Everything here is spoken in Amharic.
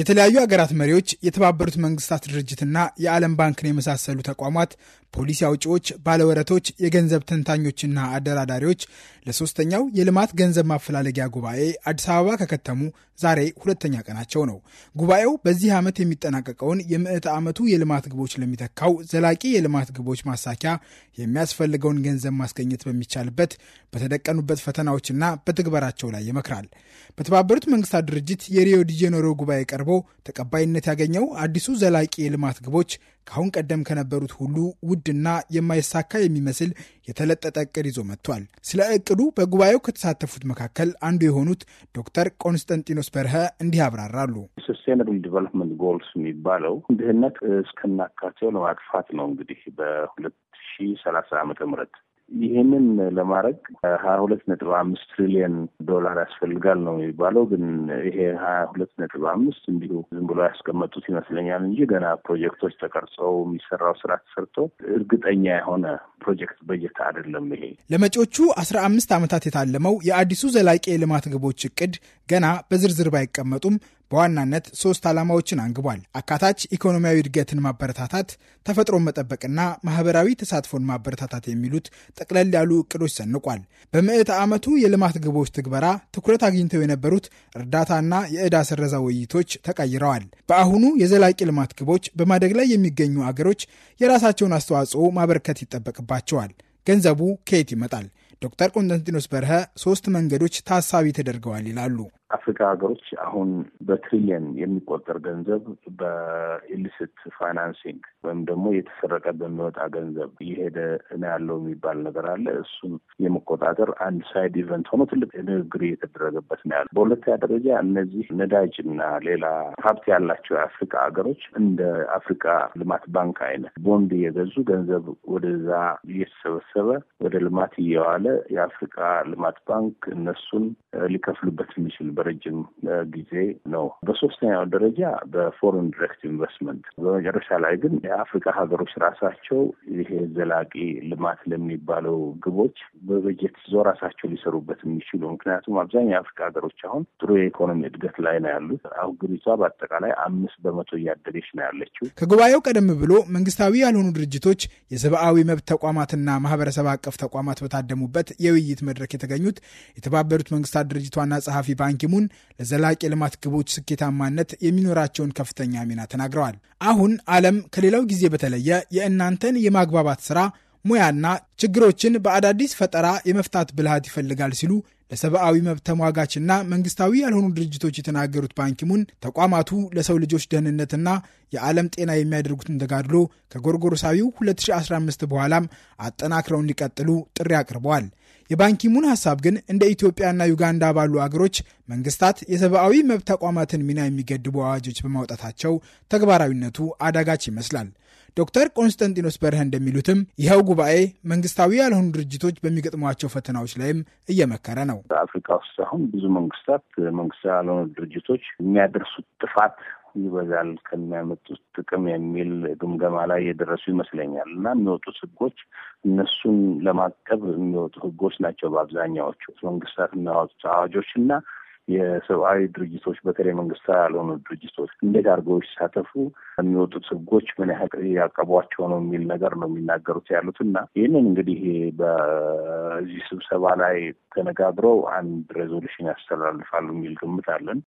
የተለያዩ ሀገራት መሪዎች የተባበሩት መንግስታት ድርጅትና የዓለም ባንክን የመሳሰሉ ተቋማት፣ ፖሊሲ አውጪዎች፣ ባለወረቶች፣ የገንዘብ ተንታኞችና አደራዳሪዎች ለሶስተኛው የልማት ገንዘብ ማፈላለጊያ ጉባኤ አዲስ አበባ ከከተሙ ዛሬ ሁለተኛ ቀናቸው ነው። ጉባኤው በዚህ ዓመት የሚጠናቀቀውን የምዕተ ዓመቱ የልማት ግቦች ለሚተካው ዘላቂ የልማት ግቦች ማሳኪያ የሚያስፈልገውን ገንዘብ ማስገኘት በሚቻልበት በተደቀኑበት ፈተናዎችና በትግበራቸው ላይ ይመክራል። በተባበሩት መንግስታት ድርጅት የሪዮ ዲጄኔሮ ጉባኤ ቀርቦ ቀርቦ ተቀባይነት ያገኘው አዲሱ ዘላቂ የልማት ግቦች ከአሁን ቀደም ከነበሩት ሁሉ ውድና የማይሳካ የሚመስል የተለጠጠ እቅድ ይዞ መጥቷል። ስለ እቅዱ በጉባኤው ከተሳተፉት መካከል አንዱ የሆኑት ዶክተር ቆንስጠንጢኖስ በርሀ እንዲህ ያብራራሉ። ሰስቴናብል ዲቨሎፕመንት ጎልስ የሚባለው ድህነት እስከናካቴው ለማጥፋት ነው እንግዲህ በሁለት ሺህ ሰላሳ ዓመተ ምህረት ይህንን ለማድረግ ሀያ ሁለት ነጥብ አምስት ትሪሊየን ዶላር ያስፈልጋል ነው የሚባለው። ግን ይሄ ሀያ ሁለት ነጥብ አምስት እንዲሁ ዝም ብሎ ያስቀመጡት ይመስለኛል እንጂ ገና ፕሮጀክቶች ተቀርጸው የሚሰራው ስራ ተሰርቶ እርግጠኛ የሆነ ፕሮጀክት በጀት አይደለም። ይሄ ለመጪዎቹ አስራ አምስት ዓመታት የታለመው የአዲሱ ዘላቂ የልማት ግቦች እቅድ ገና በዝርዝር ባይቀመጡም በዋናነት ሶስት ዓላማዎችን አንግቧል። አካታች ኢኮኖሚያዊ እድገትን ማበረታታት፣ ተፈጥሮን መጠበቅና ማህበራዊ ተሳትፎን ማበረታታት የሚሉት ጠቅለል ያሉ እቅዶች ሰንቋል። በምዕተ ዓመቱ የልማት ግቦች ትግበራ ትኩረት አግኝተው የነበሩት እርዳታና የዕዳ ስረዛ ውይይቶች ተቀይረዋል። በአሁኑ የዘላቂ ልማት ግቦች በማደግ ላይ የሚገኙ አገሮች የራሳቸውን አስተዋጽኦ ማበርከት ይጠበቅባቸዋል። ገንዘቡ ከየት ይመጣል? ዶክተር ቆንስታንቲኖስ በርሀ ሶስት መንገዶች ታሳቢ ተደርገዋል ይላሉ። አፍሪካ ሀገሮች አሁን በትሪሊየን የሚቆጠር ገንዘብ በኢሊሲት ፋይናንሲንግ ወይም ደግሞ የተሰረቀ በሚወጣ ገንዘብ እየሄደ ነው ያለው የሚባል ነገር አለ። እሱን የመቆጣጠር አንድ ሳይድ ኢቨንት ሆኖ ትልቅ ንግግር እየተደረገበት ነው ያለ። በሁለተኛ ደረጃ እነዚህ ነዳጅ እና ሌላ ሀብት ያላቸው የአፍሪካ ሀገሮች እንደ አፍሪካ ልማት ባንክ አይነት ቦንድ እየገዙ ገንዘብ ወደዛ እየተሰበሰበ ወደ ልማት እየዋለ የአፍሪካ ልማት ባንክ እነሱን ሊከፍሉበት የሚችል በረጅም ጊዜ ነው። በሶስተኛው ደረጃ በፎሬን ዲሬክት ኢንቨስትመንት፣ በመጨረሻ ላይ ግን የአፍሪካ ሀገሮች ራሳቸው ይሄ ዘላቂ ልማት ለሚባለው ግቦች በበጀት ይዞ ራሳቸው ሊሰሩበት የሚችሉ ምክንያቱም አብዛኛው የአፍሪካ ሀገሮች አሁን ጥሩ የኢኮኖሚ እድገት ላይ ነው ያሉት። አህጉሪቷ በአጠቃላይ አምስት በመቶ እያደገች ነው ያለችው። ከጉባኤው ቀደም ብሎ መንግስታዊ ያልሆኑ ድርጅቶች የሰብአዊ መብት ተቋማትና ማህበረሰብ አቀፍ ተቋማት በታደሙበት የውይይት መድረክ የተገኙት የተባበሩት መንግስታት ድርጅት ዋና ጸሐፊ ባንኪ ሐኪሙን ለዘላቂ የልማት ግቦች ስኬታማነት የሚኖራቸውን ከፍተኛ ሚና ተናግረዋል። አሁን ዓለም ከሌላው ጊዜ በተለየ የእናንተን የማግባባት ስራ ሙያና ችግሮችን በአዳዲስ ፈጠራ የመፍታት ብልሃት ይፈልጋል ሲሉ ለሰብአዊ መብት ተሟጋችና መንግስታዊ ያልሆኑ ድርጅቶች የተናገሩት ባንኪሙን ተቋማቱ ለሰው ልጆች ደህንነትና የዓለም ጤና የሚያደርጉትን ተጋድሎ ከጎርጎሮሳዊው 2015 በኋላም አጠናክረው እንዲቀጥሉ ጥሪ አቅርበዋል። የባንኪሙን ሐሳብ ግን እንደ ኢትዮጵያና ዩጋንዳ ባሉ አገሮች መንግስታት የሰብአዊ መብት ተቋማትን ሚና የሚገድቡ አዋጆች በማውጣታቸው ተግባራዊነቱ አዳጋች ይመስላል። ዶክተር ቆንስታንቲኖስ በርህ እንደሚሉትም ይኸው ጉባኤ መንግስታዊ ያልሆኑ ድርጅቶች በሚገጥሟቸው ፈተናዎች ላይም እየመከረ ነው። ነው። አፍሪካ ውስጥ አሁን ብዙ መንግስታት፣ መንግስት ያልሆኑ ድርጅቶች የሚያደርሱት ጥፋት ይበዛል ከሚያመጡት ጥቅም የሚል ግምገማ ላይ የደረሱ ይመስለኛል። እና የሚወጡት ህጎች እነሱን ለማቀብ የሚወጡ ህጎች ናቸው በአብዛኛዎቹ መንግስታት የሚያወጡት አዋጆች እና የሰብአዊ ድርጅቶች በተለይ መንግስታዊ ያልሆኑ ድርጅቶች እንዴት አድርገው ሲሳተፉ የሚወጡት ህጎች ምን ያህል ያቀቧቸው ነው የሚል ነገር ነው የሚናገሩት ያሉት እና ይህንን እንግዲህ በዚህ ስብሰባ ላይ ተነጋግረው አንድ ሬዞሉሽን ያስተላልፋሉ የሚል ግምት አለን።